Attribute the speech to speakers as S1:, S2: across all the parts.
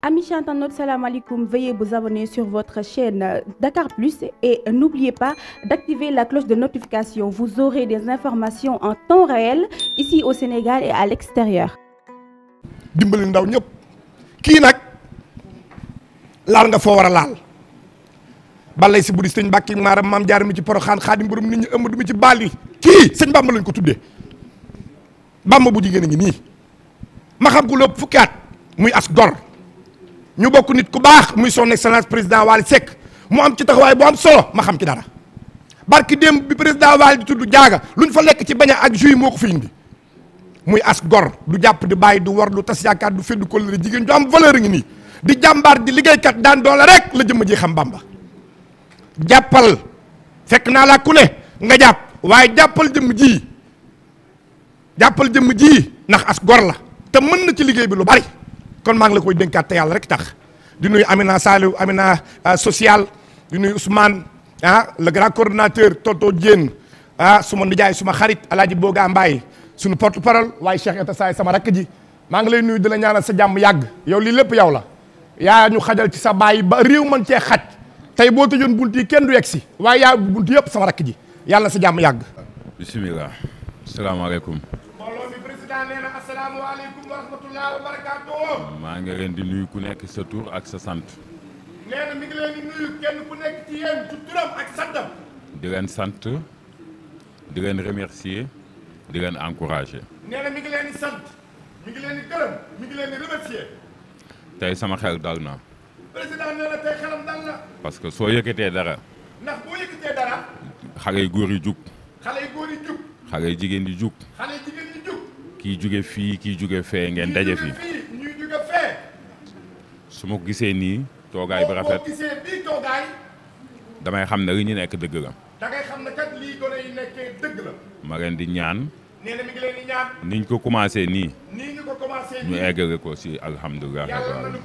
S1: Amis chers internautes, salam alaikum. Veuillez vous abonner sur votre chaîne Dakar Plus et n'oubliez pas d'activer la cloche de notification. Vous aurez des informations en temps réel ici au Sénégal et à l'extérieur.
S2: dimbali ndaw ñëpp kii nag laal nga foo war a laal balay si buri sëñ bakki maaram maam jaar mi ci poroxaan xaadim borom nit ñi ëmb mi ci bali kii sëñ Bàmba lañ ko tuddee Bàmba bu jigéen ngi nii ma xam ko lépp fukki at muy as gor ñu bokk nit ku baax muy son excellence président Wally sekk mu am ci waaye boo am solo ma xam ci dara barki démb bi président Wally di tudd jaaga luñ fa lekk ci bañ ak jus moo ko fi indi muy as gor du jàpp di bàyyi du war lu tas yaakaar du fedd ko la jigéen ju am valeur ngi nii di jàmbaar di kat daan doole rek la jëmm ji xam Bamba jàppal fekk naa laa ku ne nga jàpp waaye jàppal jëmm ji jàppal jëmm ji ndax as gor la te mën na ci liggéey bi lu bari kon maa ngi la koy dénkaat te yàlla rek tax di nuyu Amina Saliou Amina ah, sociale di nuyu Ousmane ah le grand coordonnateur Toto Dieng ah suma nijaay suma xarit Alaaji Boga Mbaye sunu porte parole waaye Cheikh Etta Saay sama rakk ji maa ngi lay nuyu di la ñaanal sa jàmm yàgg yow lii lépp yow la yaa ñu xajal ci sa baay ba réew man cee xaj tey boo tëjoon bunt yi kenn du yegg si waaye bu bunt yëpp sama rakk ji yàlla sa jàmm yàgg.
S3: bisimilah. salaamaaleykum. maa ngi leen di nuyu ku nekk sa tur ak sa sant.
S2: nee mi ngi leen di nuyu kenn ku nekk ci yéen ci turam ak santam.
S3: di leen sant di leen remercier di leen encourager.
S2: nee mi ngi leen di sant mi ngi leen di gërëm mi ngi leen di remercier.
S3: tey sama xel dal na.
S2: président nee tey xelam dal na.
S3: parce que soo yëkkatee dara.
S2: ndax boo yëkkatee dara.
S3: xale yu góor yi jug. xale yu góor yi yu jigéen di jug. kii jóge fii kii jóge fee ngeen daje fi su ma gisee nii toogaay bi rafet damay xam ne li ñu nekk dëgg la
S2: dangay di ñaan nee ni ñu
S3: ko commencé nii nii ñu ko eggale ko si alhamdulilah yàlla ci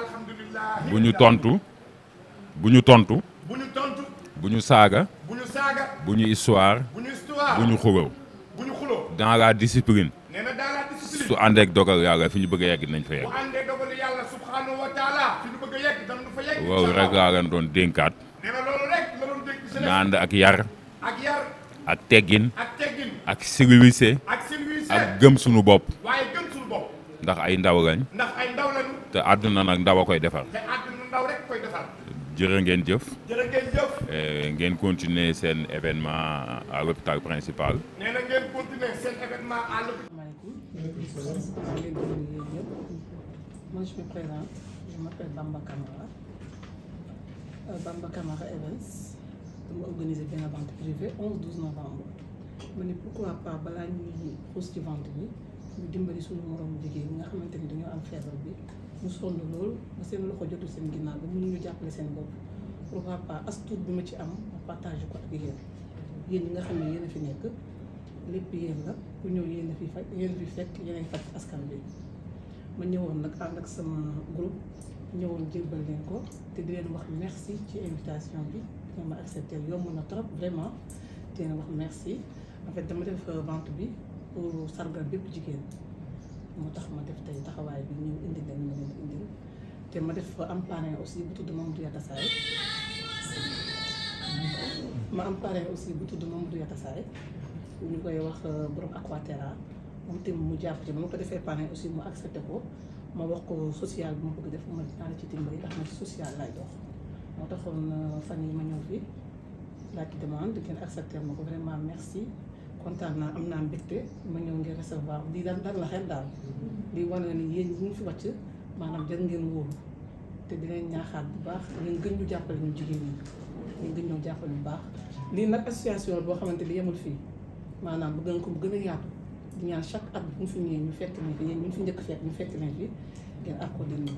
S2: alhamdulilah bu ñu tontu
S3: bu ñu tontu bu bu ñu saaga bu ñu saaga bu ñu histoire dans la discipline. nee na su àndeek dogal yàlla fi ñu bëgg yegg nañ fa yegg. bu
S2: àndee fi ñu bëgg yegg dañ fa yegg. loolu rek laa leen doon dénkaat. na ànd ak yar. ak teggin. ak teggin. ak civilisé. ak gëm suñu bopp. ndax ay ndaw lañ. te àdduna nag ndaw a koy defar. te
S3: ngeen jëf. jërë ngeen jëf. Eh, continuer seen événement à l'hôpital principal.
S2: continuer seen événement à
S1: Moi, je me présente. Je m'appelle Bamba Kamara. Euh, dama organiser benn vente privée 11 12 ma ne pourquoi pas balaa ñuy xuus ci vente bi ñu dimbali suñu moromu jigéen ñi nga xamante ni dañoo am feebar bi mu sonn lool ba seen loxo jotu seen ginnaaw ba mënuñu jàppale seen bopp pourquoi pas as bi ma ci am partage ko ak yéen yéen nga xam ne yéen a fi nekk. lépp yéen la ku ñëw yéen a fi faj yéen fi fekk yéen faj askan bi ma ñëwoon nag ànd ak sama groupe ñëwoon jébbal leen ko te di leen wax merci ci invitation bi nga ma accepté yomb na trop vraiment di leen wax merci en fait dama def euh, vente bi pour sargal bépp jigéen moo tax ma def tey taxawaay bi ñëw indi leen ma leen indil te ma def am euh, parrain aussi bu tudd Mamadou Yatassay ma am parrain aussi bu tudd Mamadou Yatassay ñu koy wax euh, borom Aquaterra moom tim mu jàpp ci mu ko defee parrain aussi mu accepté ko ma wax ko social bi mu bëgg def ma dinaa la ci dimbali ndax man social lay taxoon euh, fan yi ma ñëw fi laaj demande ngeen accepté ma ko vraiment merci kontaan naa am naa mbégte ma ñëw ngeen recevoir di daan daan la xel daal di mm-hmm. wane ni yéen ñu fi wàcc maanaam jar ngeen wóolu te dinañ ñaaxaat bu baax dinañ gën lu jàppale ñu jigéen ñi dinañ gën ñoo jàppale bu baax lii nag association boo xamante ni yemul fii maanaam bëgg nañ ko bu gën a yaatu chaque at bu ñu fi ngeen ñu fekk nañ fi yéen ñu fi njëkk fekk ñu fekk nañ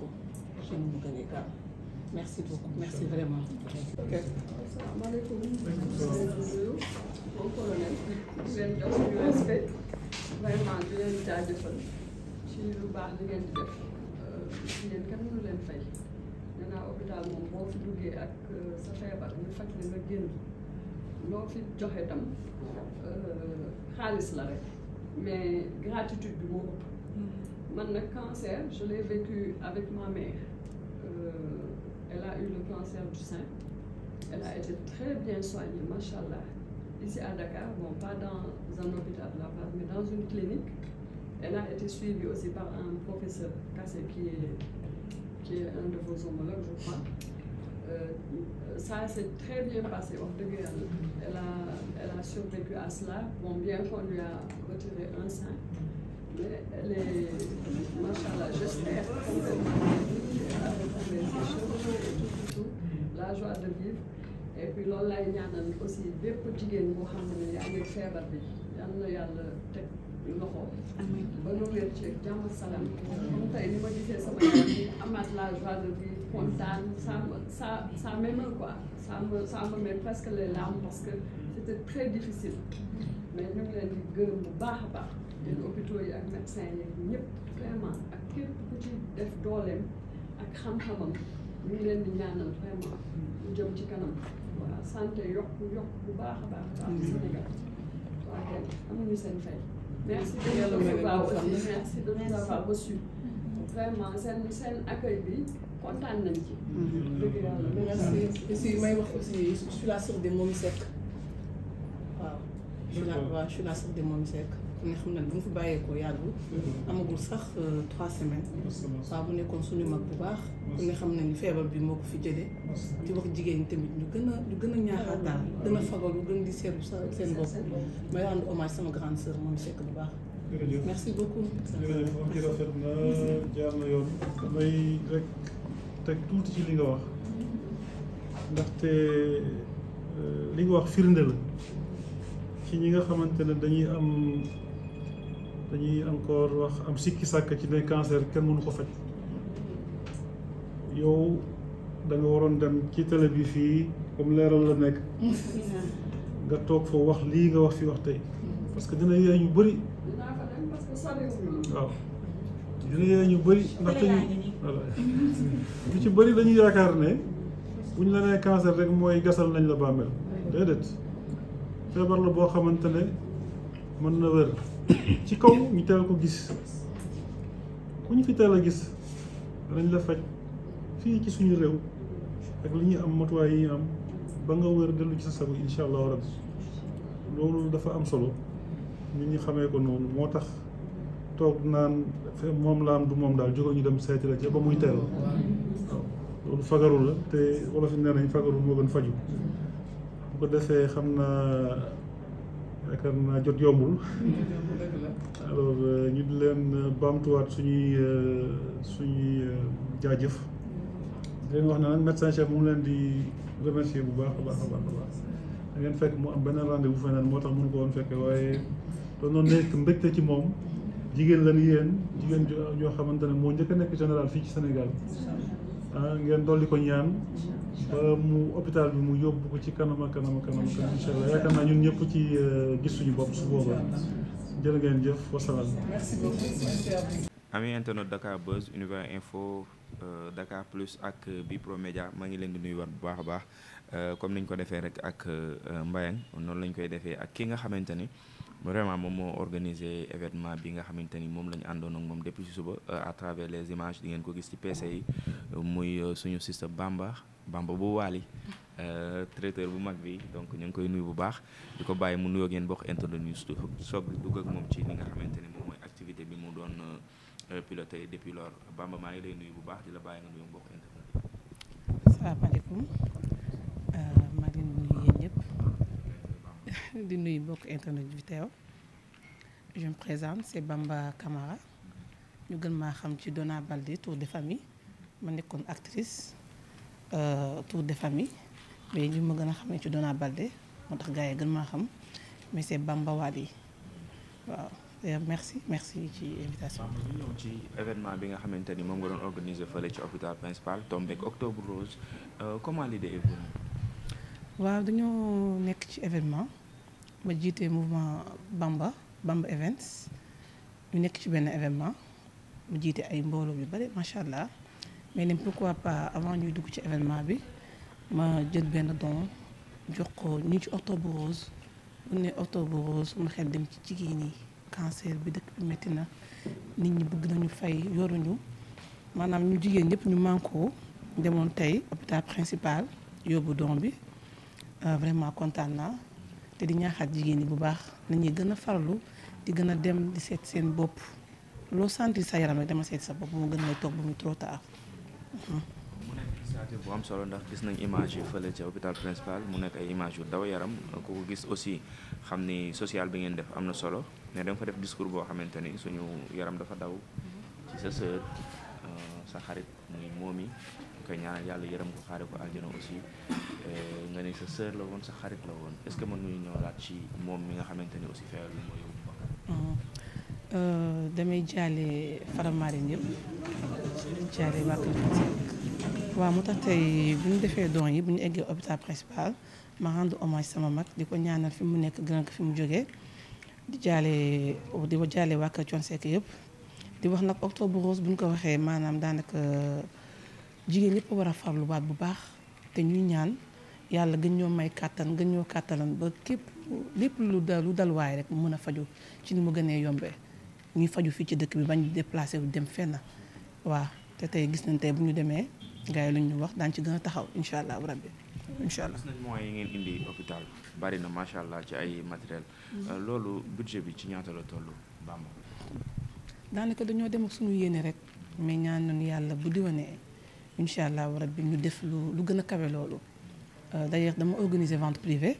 S1: ko suñu mu gën a
S4: merci beaucoup merci vraiment. ok. asalaamaaleykum. bon colonel leen jox suñu ci lu baax li ngeen di def yéen kenn mënu leen fay nee naa hôpital moom boo fi duggee ak sa feebar ñu faj la nga génn. loo fi joxe tam euh, xaalis la rek mais gratitude bi moo ëpp mm-hmm. man nag cancer je l'ai vécu avec ma mère euh, elle a eu le cancer du sein elle a été très bien soignée machallah ici à Dakar bon pas dans un hôpital la base mais dans une clinique elle a été suivie aussi par un professeur Kassé qui est qui est un de vos homologues je ça s'est très bien passé wax dëgg yàlla elle a elle a survécu à bon bien qu'on lui a retiré un sein mais elle est macha allah j'espère avec les échanges et tout tout tout la joie de vivre et puis loolu lay ñaanal aussi bépp jigéen boo xam ne yaa ngi feebar bi yal na yàlla teg loxo ba nu wér ci jàmm salaam comme tey ni ma gisee sama yaram bi la joie de vivre kontaan ça me ça ça m'émeut quoi ça me ça me les larmes parce que c'était très difficile mais ñu ngi leen di gërëm bu baax a baax yéen hôpitaux yi ak médecins yi ñëpp vraiment ak képp ku ci def dooleem ak xam-xamam ñu ngi leen di ñaanal vraiment ñu jëm ci kanam waaw santé yokku yokku bu baax a baax baax Sénégal waaw kay amuñu seen fay merci de nous avoir aussi merci de nous avoir reçu vraiment seen seen accueil bi kontaan nañ ci. dëgg yàlla merci aussi may wax aussi je suis
S1: de moom Seck waaw. je suis la waaw je suis de Momi Seck. ne xam na ne bu ñu fi bàyyeekoo yàggul. amagul sax trois semaines. waaw bu nekkoon suñu mag bu baax. ku ne xam na ni feebar bi moo ko fi jëlee. di wax jigéen tamit ñu gën a ñu gën a ñaaxaat daal gën a fagalu gën di seetlu sa seen bopp. may rendre hommage sama grande sœur Momi Seck bu baax.
S5: merci beaucoup. jërëjëf am ci rafet na yoon teg tuuti ci li nga wax ndaxte euh, li nga wax firnde la fii ñi nga xamante ne dañuy am dañuy encore wax am sikki sàkk ci ne cancer kenn mënu ko faj yow danga waroon dem ci télé bi fii comme leeral la nekk nga toog foo wax lii nga wax fi wax tey parce que dina yaay ñu bari waaw dina yaay ñu bëri ndaxte ñu voilà ñu ci bëri dañuy yaakaar ne bu ñu la nee cancer rek mooy gasal nañ la bàmmeel déedéet feebar la boo xamante ne mën na wér ci kaw ñu teel ko gis ku ñu fi teel a gis danañ la faj fii ci suñu réew ak li ñuy am matuwaay yi ñu am ba nga wér dellu ci sa sago incha allahu loolu dafa am solo ñu ñu xamee ko noonu moo tax toog naan moom la am du moom daal jógal ñu dem seeti la ca ba muy teel loolu fagaru la te wolof yi nee nañ fagaru moo gën faju bu ko defee xam naa yaakaar jot yombul euh, ñu di leen baamtuwaat suñuy euh, suñuy euh, jaajëf di wax ne nag médecin chef mu leen di remercier bu baax a baax a baax a baax da ngeen fekk mu am benn rendez-vous feneen moo tax mënu ko woon fekkee waaye doon noonu nekk mbégte ci moom jigéen la ni yéen jigéen joo xamante ne moo njëkk a nekk général fii ci Sénégal ah ngeen dolli ko ñaan ba mu hôpital bi mu yóbbu ko ci kanama ak kanam ak kanam naa ñun ñëpp ci euh, gis suñu bopp su boobaa jërë ngeen jëf wasalaam. am beaucoup.
S6: ami internet Dakar Buzz Univers Info euh, Dakar Plus ak euh, Bipro Média maa ngi leen di nuyu war bu baax a baax comme ni ñu ko defee rek ak Mbayang noonu lañ koy defee ak ki nga xamante ni. vraiment moom moo organisé événement bi nga xamante ni moom la ñu àndoon ak moom depuis ci suba euh, à travers les images di ngeen ko gis ci PC yi muy euh, suñu sista Bamba Bamba bu Waali euh, traiteur bu mag bi donc ñu ngi koy nuyu bu baax di ko bàyyi mu nuyoo ngeen bokk internet news soog dugg ak moom ci li nga xamante ni moom mooy activité bi mu doon piloté depuis lors Bamba maa ngi lay nuyu bu baax di la bàyyi nga nuyu mbokk internet.
S1: asalaamaaleykum maa ngi nuyu yéen di nuyu mbokk internet bi teew je me présente c'est Bamba Camara ñu gën maa xam ci Donna Baldé tour de famille ma nekkoon actrice euh, tour de famille mais ñu ma gën a xam ne ci Donna Baldé moo tax gars yi gën maa xam mais c'est Bamba Wali waaw merci merci ci invitation bi. ñëw ci
S6: événement bi nga xamante ni moom nga doon organiser fële ci hôpital principal tombeek octobre rose euh, comment l'idée est venue.
S1: waaw dañoo nekk ci événement. ma jiite mouvement Bamba Bamba Events ñu nekk ci benn événement mu jiite ay mbooloo yu bari macha allah mais nag pourquoi pas avant ñuy dugg ci événement bi ma jël benn don jox ko ñu ci octobre rose bu ne octobre rose mu xel dem ci jigéen yi cancer bi dëkk bi métti na nit ñi bugg nañu fay yoruñu maanaam ñu jigéen ñëpp ñu mànkoo demoon tey hôpital principal yóbbu don bi euh, vraiment kontaan naa. te di ñaaxaat jigéen ñi bu baax nañuy gën a farlu di gën a dem di seet seen bopp loo sentir sa yaram rek dama seet sa bopp moo gën lay toog ba muy trop tard. Mhm.
S6: mu nekk bu am solo ndax gis nañ image yi fële ca hôpital principal mu nekk ay image yu daw yaram ko ko gis aussi xam ni social bi ngeen def am na solo mais da nga fa def discours boo xamante ni suñu yaram dafa daw mhm. ci sa sœur euh, sa xarit muy moom yi koy ñaanal yàlla yërëm ko xaare ko aljana aussi nga ne sa sœur la woon sa xarit la woon est-ce que man nuy ñëwlaat ci moom mi nga xamante ne aussi feebar bi moo yóbbu
S1: damay jaale faramarin yëpp jaale wàkk waaw mu tax bu defee don yi ñu eggee hôpital principal ma rendre sama mag di ko ñaanal fi mu nekk gën fi mu jógee di jaale di ko jaale waa Kër yëpp di wax nag octobre rose bu ñu ko waxee maanaam daanaka jigéen ñëpp war a farlu baat bu baax te ñuy ñaan yàlla gën ñoo may kàttan gën ñoo kàttalan ba képp lépp lu dal lu waaye rek mën a faju ci ni mu gënee yombee ñuy faju fii ci dëkk bi bañ déplacé wu dem fenn waaw te tey gis nañ tey bu ñu demee gars yi lu ñu wax daan ci gën a taxaw incha allah rabbi incha
S6: allah nañ moyens yi ngeen indi hôpital bari na macha allah ci ay matériel mm. euh, loolu budget bi ci ñaata la toll Bamba
S1: daanaka dañoo dem ak suñu yéene rek ñaan yàlla bu diwanee incha allah rabbi ñu def lu lu gën a kawe loolu euh, d'ailleurs dama organiser vente privée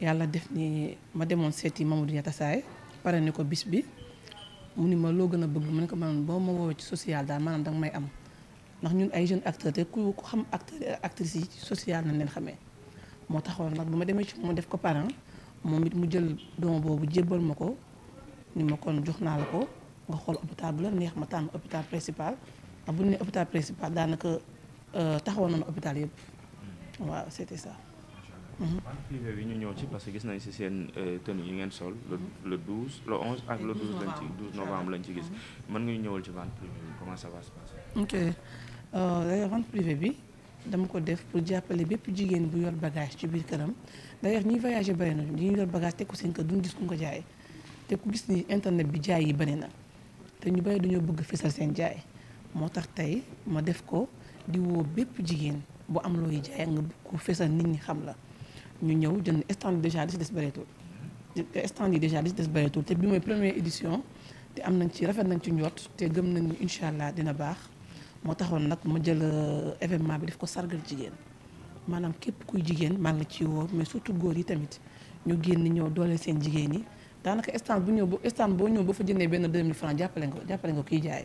S1: yàlla def ni ma demoon seeti Mamadou Niatta Saay pare ni ko bis bi mu ni ma loo gën a bëgg mu ne ko maanaam boo ma woowee ci social daal maanaam danga may am ndax ñun ay jeunes acteurs ku ku xam acteur actrices yi social nañ leen xamee moo taxoon nag bu ma demee ci mu def ko parent moom it mu jël doom boobu jébbal ma ko ni ma kon jox naa la ko nga xool hôpital bu la neex ma tànn hôpital principal bu ñu nee hôpital principal daanaka euh, na nañu hôpital yëpp hmm. waaw c'était ça. Mhm.
S6: banque bi ñu ñëw ci parce que gis nañ si seen euh, tenue yi ngeen sol le hmm. le 12 le 11 ak le 12 lañ ci gis mën nga ñëwal ci banque privée bi comment ça
S1: euh, bi dama ko def pour jàppale bépp jigéen bu yor bagage ci biir këram d'ailleurs ñiy voyager bari na ñi yor bagage teg ko seen kër gis ku ko jaay te ku gis ni internet bi jaay yi bari na te ñu bari dañoo bëgg fésal seen jaay. moo tax tey ma def ko di woo bépp jigéen bu am looy jaay nga ko fesal nit ñi xam la ñu ñëw jënd stand déjà li si des bëreetul stand yi déjà li si te bi mooy première édition te am nañ ci rafet nañ ci njot te gëm nañ ni incha allah dina baax moo taxoon nag ma jël euh, événement bi def ko sargal jigéen maanaam képp kuy jigéen maa ngi la ci woo mais surtout góor yi tamit ñu génn ñëw doole seen jigéen yi daanaka stand bu ñëw bu stand boo ñëw boo fa jëndee benn 2000 francs jàppale nga kiy jaay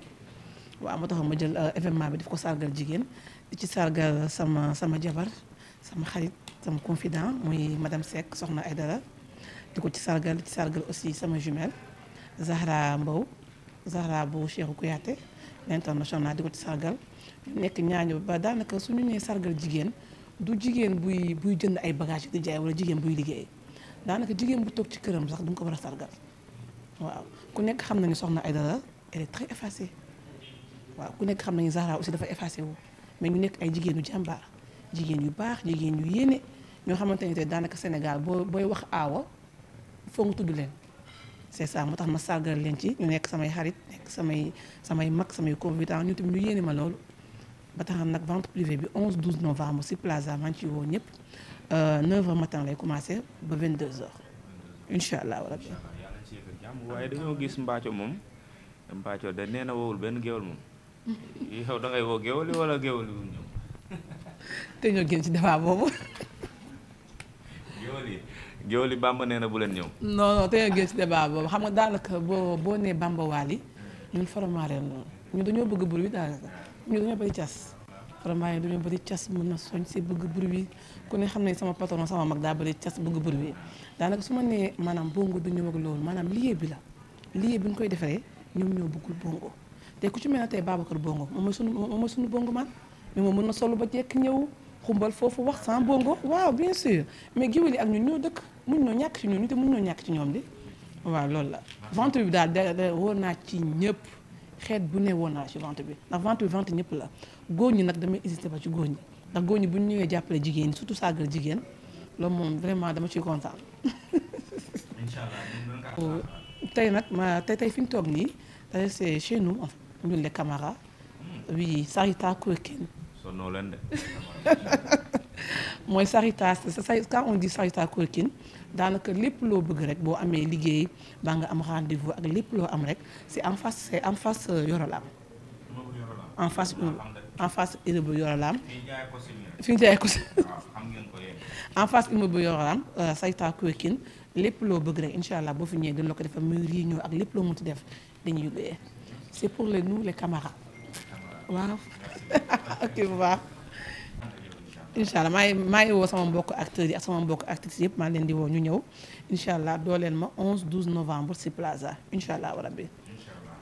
S1: waaw moo tax ma jël euh, événement bi daf ko sargal jigéen di ci sargal sama sama jabar sama xarit sama confident muy madame Seck soxna Aydara di ko ci sargal di ci sargal aussi sama jumelle Zahra Mbow Zahra bu Cheikhou Kouyaté l'international di ko ci nekk ñaaño ba daanaka suñu nee sargal jigéen du jigéen buy buy jënd ay bagages di jaay wala jigéen buy liggéey daanaka jigéen bu toog ci këram sax du nga ko war a sargal waaw ku nekk xam nañu soxna Aydara elle est très effacée waaw ku nekk xam nañu Zahra aussi dafa effacé wu mais ñu nekk ay jigéenu jàmbaar jigéen yu baax jigéen yu yéene ñoo xamante ne te daanaka Sénégal boo booy wax aawa foo nga tudd leen c'est ça moo tax ma sargal leen ci ñu nekk samay xarit nekk samay samay mag samay convitant ñu tamit ñu yéene ma loolu ba tax nag vente privée bi 11 12 novembre si plaza maa ngi ci woo ñëpp 9h euh, matin lay commencé ba 22h incha allah rabbi
S6: waaye dañoo gis Mbathio moom Mbathio da nee na wowul benn géwél yow da ngay woo géwël wala géwël yu ñëw.
S1: te ñoo génn ci débat boobu.
S6: géwël yi géwël yi bàmba nee bu leen ñëw.
S1: non te ñoo génn ci débat boobu xam nga daanaka boo boo nee bàmba waal yi ñun foromaareen noonu ñu dañoo bëgg bur bi daanaka ñu dañoo bëri cas. foromaareen dañoo bëri cas bëgg bur bi ku xam ne sama patron sama mag daa bëri cas bëgg bi daanaka su ma nee maanaam bongo du ñëw ak loolu maanaam liggéey bi la liggéey bi ñu koy defaree ñoom ñoo bëggul bongo. tey ku ci mel ne tey Babacar Bongo moom mooy sunu moom mooy sunu bongo man mais moom mën na solu ba jekk ñëw xumbal foofu wax sans bongo waaw bien sûr mais géwél yi ak ñun ñoo dëkk mun ñoo ñàkk ci ñoom ñu te mun ñoo ñàkk ci ñoom de waaw loolu la vente bi daal da woon naa ci ñëpp xeet bu ne woon naa ci vente bi ndax vente bi vente ñëpp la góor ñi nag damay hésité ba ci góor ñi ndax góor ñi bu ñu ñëwee jàppale jigéen ñi surtout saagal jigéen loolu moom vraiment dama ciy kontaan.
S6: incha allah
S1: tey nag ma tey tey fi ñu toog nii tey c'est chez nous en fait. Ndoulle Camara oui Sarita Koeken. sonnoo leen de. mooy Sarita quand on dit Sarita Koeken daanaka lépp loo bëgg rek boo amee liggéey baa nga am rendez-vous ak lépp loo am rek c'est en face c'est en face euh, Yorolam. en face euh, en face immeuble Yorolam. fi ñu jaayee ko si en face euh, lépp loo bëgg rek incha allah boo fi ñëwee dañ la ko defal muy réunion ak lépp loo mënti def. dañuy luye c'est pour les nous les camarades waaw ok bu baax incha allah ngi maa ngi woo sama mbokk acteurs yi ak sama mbokk actrices yëpp maa leen di woo ñu ñëw incha allah dooleel ma 11 12 novembre ci plaza incha allah rabbi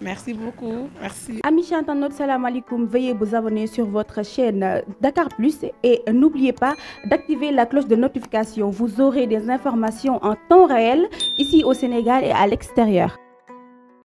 S1: Merci beaucoup. Merci. Amis internautes, salam alaikum. Veuillez vous sur votre chaîne Dakar Plus et n'oubliez pas d'activer la cloche de notification. Vous aurez des informations en temps réel ici au Sénégal et à l'extérieur.